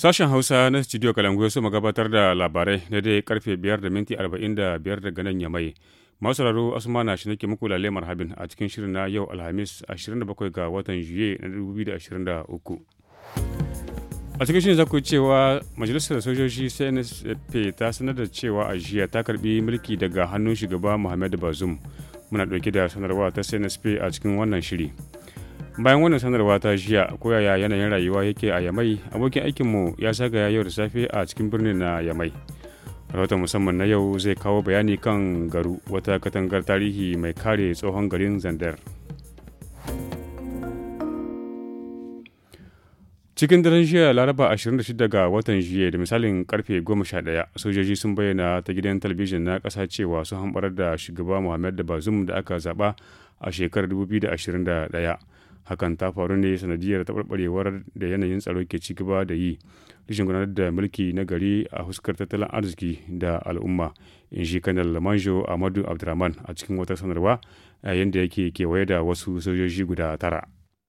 Sashen Hausa na Studio Kalangu su magabatar gabatar da labarai na dai karfe 5 da minti 45 daga nan yamai. asuma na shi nake muku lalle marhabin a cikin shirin na yau Alhamis 27 ga watan Juye na 2023. A cikin shirin zaku cewa Majalisar Sojoji CNSP ta sanar da cewa a jiya ta karbi mulki daga hannun shugaba Muhammadu Bazoum. Muna ɗauke da sanarwa ta CNSP a cikin wannan shiri. bayan wannan sanarwa ta jiya ko yaya yanayin rayuwa yake a yamai abokin aikinmu ya sagaya yau da safe a cikin birnin na yamai rahoton musamman na yau zai kawo bayani kan garu wata katangar tarihi mai kare tsohon garin zandar cikin daren jiya laraba 26 ga watan jiya da misalin karfe 11 sojoji sun bayyana ta gidan talabijin na kasa cewa sun hambarar da shugaba muhammad da bazum da aka zaba a shekarar 2021 hakan ta faru ne sanadiyar taɓarɓarewar da yanayin tsaro ke ci gaba da yi rashin gudanar da mulki na gari a fuskar tattalin arziki da al'umma in shi kanal manjo amadu abdurrahman a cikin wata sanarwa yayin da yake kewaye da wasu sojoji guda tara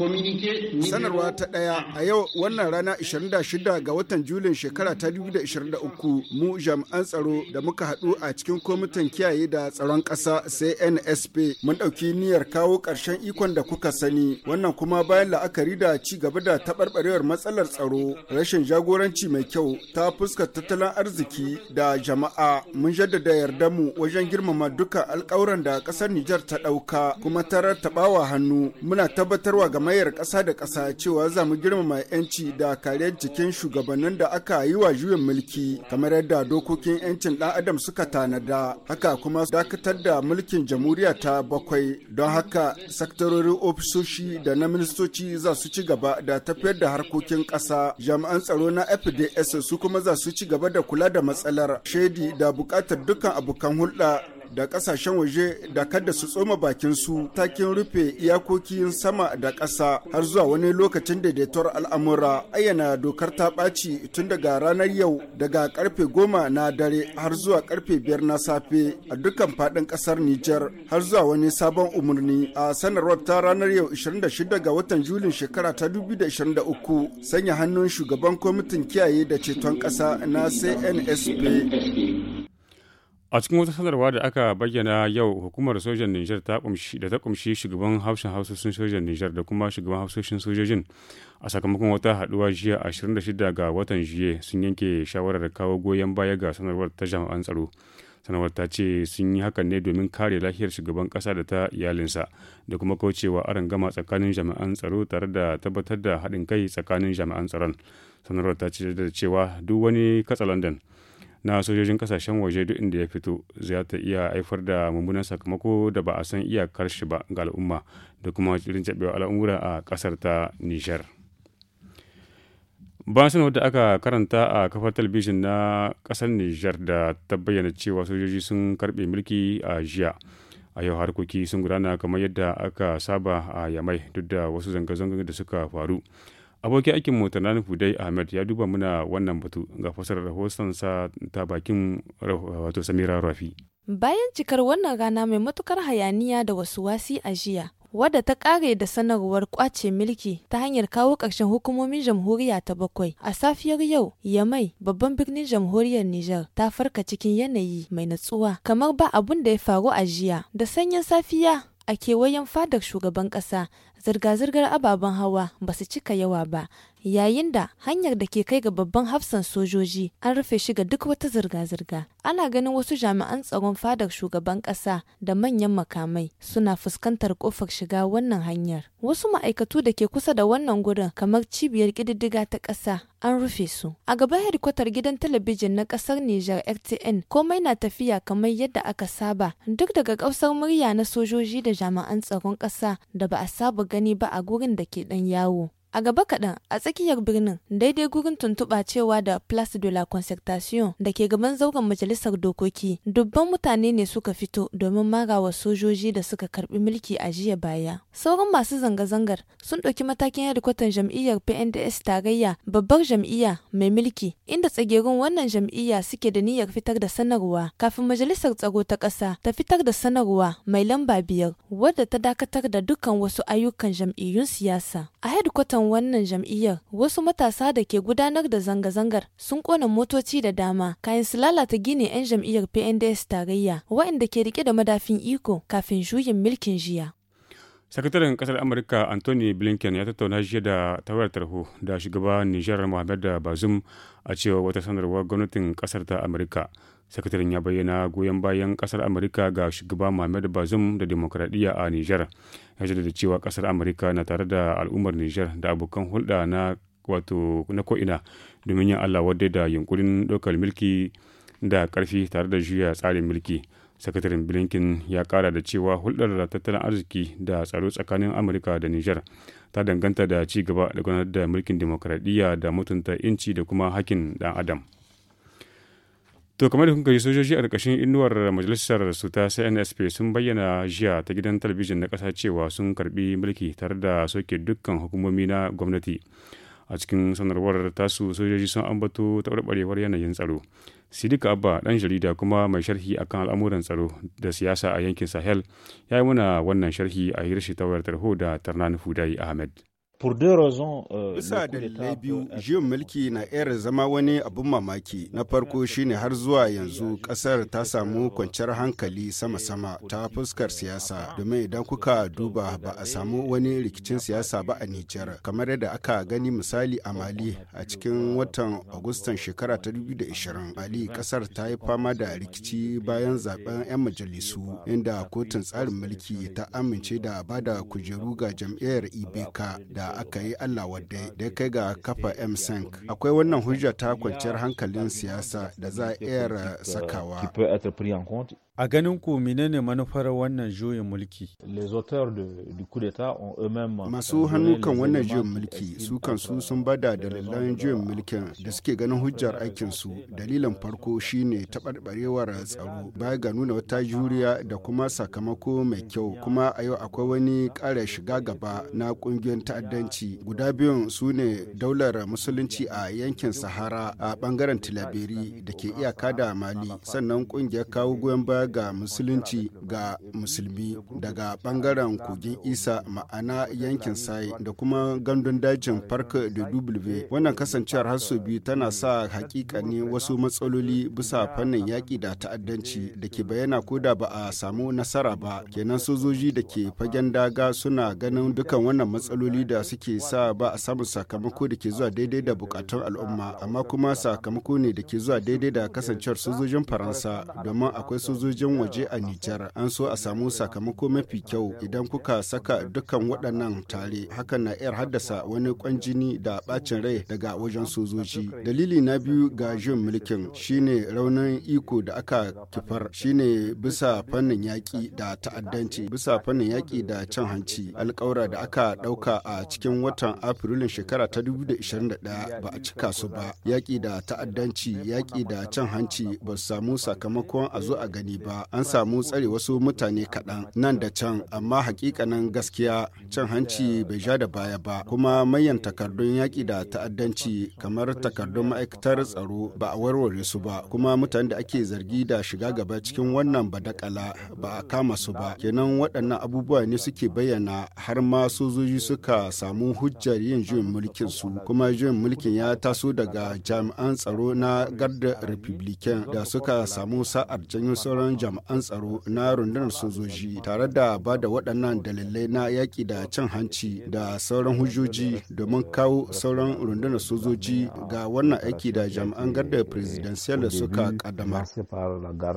Sanarwa ta ɗaya a yau wannan rana 26 ga watan Julin shekara ta 2023 mu jami'an tsaro da muka haɗu a cikin kwamitin kiyaye da tsaron ƙasa CNSP mun ɗauki niyyar kawo ƙarshen ikon da kuka sani wannan kuma bayan la'akari da ci gaba da taɓarɓarewar matsalar tsaro rashin jagoranci mai kyau ta fuskar tattalin arziki da jama'a mun jaddada yarda mu wajen girmama duka alƙawuran da ƙasar Nijar ta ɗauka kuma ta rattaɓawa hannu muna tabbatarwa ga mayar ƙasa da ƙasa cewa za mu girmama 'yanci da kariyar cikin shugabannin da aka yi wa juyin mulki kamar yadda dokokin 'yancin ɗan adam suka tanada haka kuma dakatar da mulkin jamhuriya ta bakwai don haka saktarorin ofisoshi da na ministoci za su ci gaba da tafiyar da harkokin ƙasa jami'an tsaro na fds su kuma za su ci gaba da kula da matsalar shaidi da buƙatar dukkan abokan hulɗa da kasashen waje da kada su tsoma bakin su takin rufe iyakokin sama da ƙasa har zuwa wani lokacin daidaituwar al'amura ayyana dokar ta ɓaci tun daga ranar yau daga karfe goma na dare har zuwa karfe biyar na safe a dukkan faɗin ƙasar Nijar har zuwa wani sabon umarni a sanarwar ta ranar yau 26 ga watan Julin shekara ta 2023 sanya hannun shugaban kwamitin kiyaye da ceton ƙasa na CNSP. a cikin wata sanarwa da aka bayyana yau hukumar sojan nijar da ta kumshi shugaban haushin hausoshin sojan nijar da kuma shugaban hausoshin sojojin a sakamakon wata haduwa jiya 26 ga watan jiye sun yanke shawarar kawo goyon baya ga sanarwar ta jami'an tsaro sanarwar ta ce sun yi hakan ne domin kare lafiyar shugaban kasa da ta iyalinsa da kuma kaucewa gama tsakanin jami'an tsaro tare da tabbatar da haɗin kai tsakanin jami'an tsaron sanarwar ta ce da cewa duk wani katsalandan na sojojin kasashen waje duk inda ya fito za ta iya haifar da mummunan sakamako da ba a san iyakar shi ba ga al'umma da kuma cikin jabewa al'amura a ƙasar ta nijar bayan san da aka karanta a kafar talabijin na ƙasar nijar da ta bayyana cewa sojoji sun karɓe mulki a jiya a yau harkoki sun gudana kamar yadda aka saba a yamai duk da wasu zanga-zangar da suka faru Abokin aikin mu Tanani Fudai Ahmed ya duba mana wannan batu ga fasar rahoton sa ta bakin wato Samira Rafi. Bayan cikar wannan rana mai matukar hayaniya da wasu wasi a jiya, wadda ta kare da sanarwar kwace milki ta hanyar kawo ƙarshen hukumomin jamhuriya ta bakwai a safiyar yau yamai babban birnin jamhuriyar niger ta farka cikin yanayi mai natsuwa kamar ba abun da ya faru a jiya da sanyin safiya A kewayen fadar shugaban ƙasa, zirga-zirgar ababen hawa ba su cika yawa ba yayin da hanyar da ke kai ga babban hafsan sojoji an rufe shi ga duk wata zirga-zirga ana ganin wasu jami'an tsaron fadar shugaban ƙasa da manyan makamai suna fuskantar kofar shiga wannan hanyar wasu ma'aikatu da ke kusa da wannan gurin kamar cibiyar ƙididdiga ta ƙasa an rufe su. A gaban hedikwatar gidan talabijin na ƙasar Nijar RTN komai na tafiya kamar yadda aka saba duk daga ƙausar murya na sojoji da jami'an tsaron ƙasa da ba a saba gani ba a gurin da ke ɗan yawo. A gaba kaɗan a tsakiyar birnin daidai gurin tuntuɓa cewa da Place de la Concertation da ke gaban zauren majalisar dokoki dubban mutane ne suka fito domin marawa sojoji da suka karbi mulki a jiya baya. Sauran masu zanga-zangar sun ɗauki matakin yadda jam'iyyar PNDS tarayya babbar jam'iyya mai mulki inda tsagerun wannan jam'iyya suke da niyyar fitar da sanarwa kafin majalisar tsaro ta ƙasa ta fitar da sanarwa mai lamba biyar wadda ta dakatar da dukkan wasu ayyukan jam'iyyun siyasa. A hedkwatan kan wannan jam'iyyar wasu matasa da ke gudanar da zanga-zangar sun kona motoci da dama kayan su lalata gine 'yan jam'iyyar pnds tarayya waɗanda ke rike da madafin iko kafin juyin milkin jiya sakataren kasar amurka anthony blinken ya tattauna jiya da tawayar tarho da shugaba nijar mohamed bazum a cewa wata sanarwar gwamnatin kasar ta amurka sakataren ya bayyana goyon bayan kasar amurka ga shugaba mohamed bazum da demokradiyya a niger ya jaddada cewa kasar amurka na tare da al'ummar niger da abokan hulɗa na wato na ko'ina domin yin allah wadda da yunkurin ɗaukar mulki da ƙarfi tare da juya tsarin mulki sakataren blinken ya kara da cewa hulɗar da tattalin arziki da tsaro tsakanin amurka da niger ta danganta da ci gaba da gudanar da mulkin demokradiyya da mutunta inci da kuma hakkin ɗan adam To kamar da kuka sojoji a ƙarƙashin inuwar majalisar su ta CNSP sun bayyana jiya ta gidan talabijin na ƙasa cewa sun karbi mulki tare da soke dukkan hukumomi na gwamnati. A cikin sanarwar tasu sojoji sun ambato taɓarɓarewar yanayin tsaro. Sidika Abba ɗan jarida kuma mai sharhi akan al'amuran tsaro da siyasa a yankin Sahel ya yi mana wannan sharhi a hirshi ta wayar tarho da Tarnan Fudai Ahmed. Euh, Bisa dalilai biyu, juyin mulki na iya zama wani abin mamaki. Na farko shine har zuwa yanzu kasar ta samu kwanciyar hankali sama-sama ta fuskar siyasa. Domin idan kuka duba ba a samu wani rikicin siyasa ba a Nijar. Kamar yadda aka gani misali a Mali a cikin watan Agustan shekara ta 2020. Mali kasar ta yi fama da rikici bayan zaben 'yan majalisu inda kotun tsarin mulki ta amince da bada kujeru ga jam'iyyar Ibeka da da aka yi Allah wadda da kai ga kafa MSENC. Akwai wannan hujja ta kwanciyar hankalin siyasa da za a iya sakawa. A ganin ku menene manufar wannan juyin mulki? Euh, Masu hannu kan wannan juyin mulki su kansu sun bada euh, dalilan juyin mulkin da suke ganin hujjar aikinsu. Dalilin farko shine taɓarɓarewar tsaro baya ga nuna wata juriya da kuma sakamako mai kyau kuma a yau akwai wani ƙara shiga gaba na ƙungiyoyin ta'addanci. Guda biyun su ne daular musulunci a yankin Sahara a ɓangaren Tilaberi da ke iyaka da Mali sannan ƙungiyar kawo goyon baya ga musulunci ga musulmi daga bangaren kogin isa ma'ana yankin sai da kuma gandun dajin farka da wannan kasancewar hasso biyu tana sa hakika ne wasu matsaloli bisa fannin yaƙi da ta'addanci da ke bayyana ko da ba a samu nasara ba kenan sojoji da ke fagen daga suna ganin dukan wannan matsaloli da suke sa ba a samun sakamako da ke zuwa daidai da bukatun al'umma amma kuma sakamako ne da ke zuwa daidai da kasancewar sojojin faransa domin akwai sojoji sojojin waje a Nijar an so a samu sakamako mafi kyau idan kuka saka dukkan waɗannan tare hakan na iya haddasa wani kwan jini da bacin rai daga wajen sojoji. Dalili na biyu ga jin mulkin shine raunin iko da aka kifar shine bisa fannin yaƙi da ta'addanci bisa fannin yaƙi da cin hanci alƙawura da aka ɗauka a cikin watan Afrilun shekara ta 2021 ba a cika su ba yaƙi da ta'addanci yaƙi da cin hanci ba su samu sakamakon a zo a gani ba. ba an samu tsare wasu mutane kaɗan nan da can amma hakikanin gaskiya cin hanci bai ja da baya ba kuma manyan takardun yaƙi da ta'addanci kamar takardun ma'aikatar tsaro ba a warware su ba kuma mutanen da ake zargi da shiga gaba cikin wannan badakala ba a kama su ba kenan waɗannan abubuwa ne suke bayyana har ma sojoji suka samu hujjar yin juyin mulkin su kuma juyin mulkin ya taso daga jami'an tsaro na garda republican da suka samu sa'ar janyo sauran jami'an tsaro na rundunar sojoji tare da ba da waɗannan dalilai na yaƙi da cin hanci da sauran hujjoji domin kawo sauran rundunar sojoji ga wannan aiki da jami'an garda presidential da suka kadama. da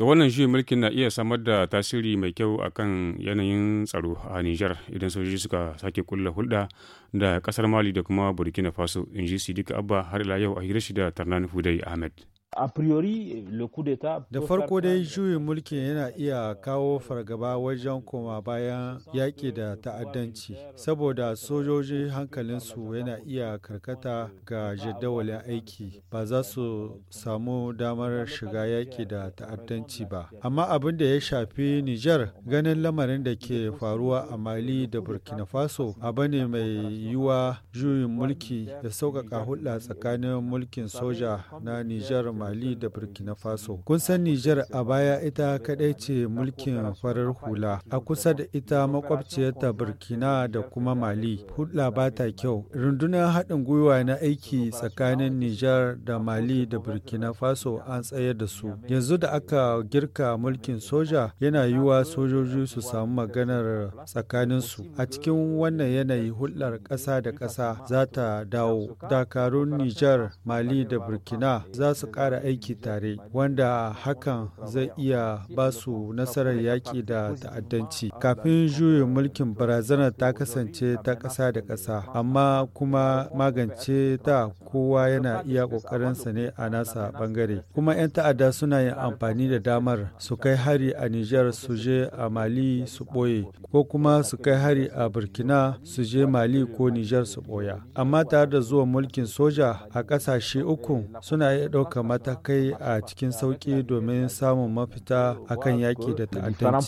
euh, wannan juyin mulkin na iya samar da tasiri mai kyau akan yanayin tsaro a Nijar idan sojoji suka sake kulla hulɗa da kasar Mali da kuma Burkina Faso in ji Sidika Abba har ila yau a hira shi da Tarnan hudai Ahmed. a priori le coup d'etat da farko dai juyin mulki yana iya kawo fargaba wajen koma bayan yaƙi da ta'addanci saboda sojoji hankalinsu yana iya karkata ga jadawalin aiki ba za su samu damar shiga yaƙi da ta'addanci ba amma abin da ya shafi niger ganin lamarin da ke faruwa a mali da burkina faso abu ne mai yiwa juyin mulki ya sauƙaƙa hulɗa tsakanin mulkin soja na niger Mali da Burkina Faso. Kun san Nijar a baya ita kadai ce mulkin farar hula. A kusa da ita makwabciyarta Burkina da kuma Mali. hula ba ta kyau. Rundunar haɗin gwiwa na aiki tsakanin Nijar da Mali da Burkina Faso an tsayar da su. Yanzu da aka girka mulkin soja yana yiwuwa sojoji su samu maganar tsakaninsu. A cikin wannan yanayi hular ƙasa da ƙasa za ta dawo. Dakarun Nijar, Mali da Burkina za su ƙara fara aiki tare wanda hakan zai iya ba su nasarar yaƙi da ta'addanci kafin juyin mulkin barazanar ta kasance ta ƙasa da ƙasa amma kuma magance ta kowa yana iya ƙoƙarinsa ne a nasa ɓangare kuma 'yan ta'adda suna yin amfani da damar su kai hari a Nijar su je a Mali su ɓoye ko kuma su kai hari a Burkina su je Mali ko Nijar su ɓoya amma tare da zuwa mulkin soja a ƙasashe uku suna iya ɗaukar ta kai a cikin sauƙi domin samun mafita akan yaƙi da ta'addanci.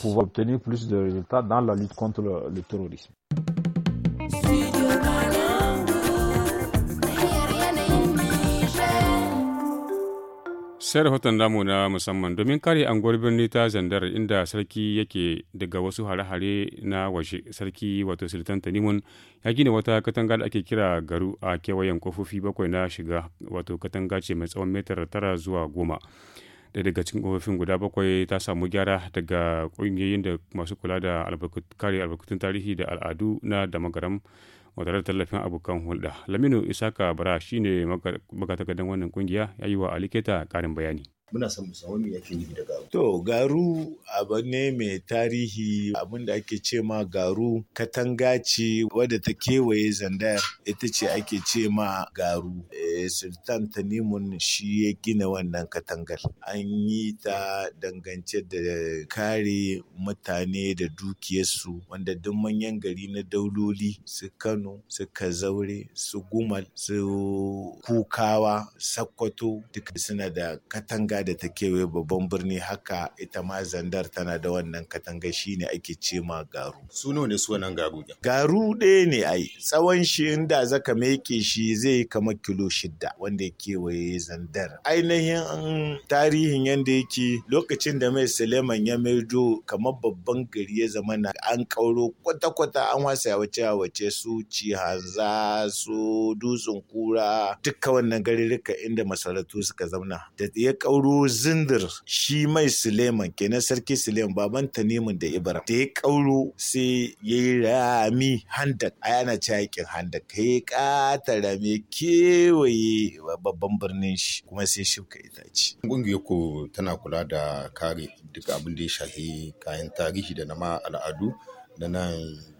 sai rahoton damu na musamman domin kare anguwar birni ta zandar inda sarki yake daga wasu hare-hare na waje sarki wato sultan tanimun ya gina wata katanga da ake kira garu a kewayen kofofi bakwai na shiga wato katanga ce mai tsawon metar tara zuwa goma da daga cikin kofofin guda bakwai ta samu gyara daga kungiyoyin da masu kula da kare albarkatun tarihi da al'adu na damagaram wa tare da tallafin abokan hulɗa laminu isaka bara shine magatakardan wannan kungiya ya yi wa aliketa ƙarin bayani muna son mu samu me yake nufi da garu. To garu abu ne mai tarihi abin da ake ce ma garu katanga ce wadda ta kewaye zandar ita ce ake ce ma garu. Eh, sultan tanimun shi ya gina wannan katangar an yi ta dangance da kare mutane da dukiyarsu wanda duk manyan gari na dauloli su kano su kazaure su gumal su kukawa sakkwato duka suna da katanga da ta kewaye babban birni haka ita ma zandar tana da wannan katanga shine ake ce ma garu suno ne sunan garu garu ɗaya ne ai tsawon shi inda zaka meke shi zai kama kilo shidda wanda ya kewaye zandar ainihin um, tarihin yadda yake lokacin da mai suleiman ya maido kamar babban gari ya zama na an kauro kwata-kwata an wasa ya wace wace su ci hanza su dutsen kura duka wannan garirrika inda masarautu suka zauna da ya kauro zindir shi mai suleiman kenan sarki suleiman baban tanimin da ibra da ya kauro sai ya yi rami handak a yana cakin handak ya kata rami kewaye kawai babban birnin shi kuma sai shuka itace. Ƙungiyar ku tana kula da kare duk abin da ya shafi kayan tarihi da na ma al'adu da nan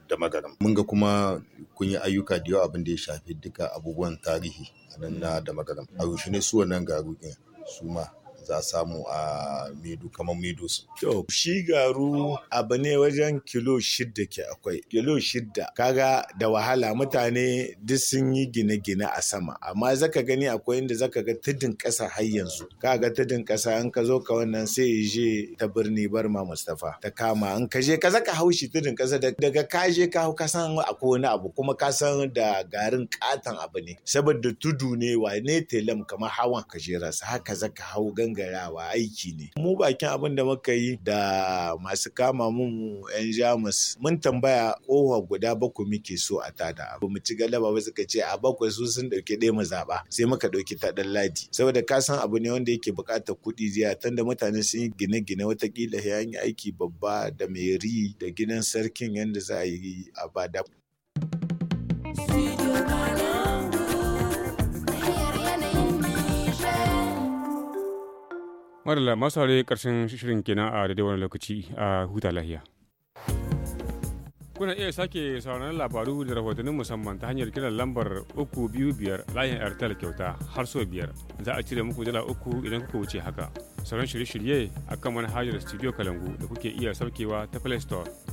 da magaram. Mun ga kuma kun yi ayyuka da yawa abin da ya shafi duka abubuwan tarihi a nan na da magaram. A yaushe ne su wannan garu ɗin su ma za a samu a medu kamar medu su. To, shi garu abu ne wajen kilo shidda ke akwai. Kilo shidda. Kaga da wahala mutane duk sun yi gine-gine a sama. Amma zaka gani akwai inda zaka ga tudun ƙasa har yanzu. Kaga tudun ƙasa in ka zo ka wannan sai ya je ta birni Barma Mustapha ta kama in ka je ka zaka shi tudun ƙasa daga ka je ka hau ka san akwai wani abu kuma ka san da garin katon abu ne. Saboda tudu ne wa ne telam kamar hawan ka jera haka zaka hau ganga gagarawa aiki ne mu bakin abin da muka yi da masu kama mun yan jamus mun tambaya kowa guda bakwai muke so a tada abu mu ci galaba ba suka ce a bakwai su sun dauke ɗaya mu zaɓa, sai muka ɗauki ta ladi saboda ka san abu ne wanda yake buƙatar kuɗi jiya tunda mutane sun yi gine-gine watakila ya yi aiki babba da mai ri da gidan sarkin yadda za a yi a bada. Studio madalla masu haure karshen shirin kenan a daidai wani lokaci a huta lahiya kuna iya sake sauran labaru da rahotannin musamman ta hanyar kiran lambar 325 layin airtel kyauta har so biyar za a cire muku dala uku idan kuka wuce haka sauran shirye-shirye a kan manhajar studio kalangu da kuke iya saukewa ta play store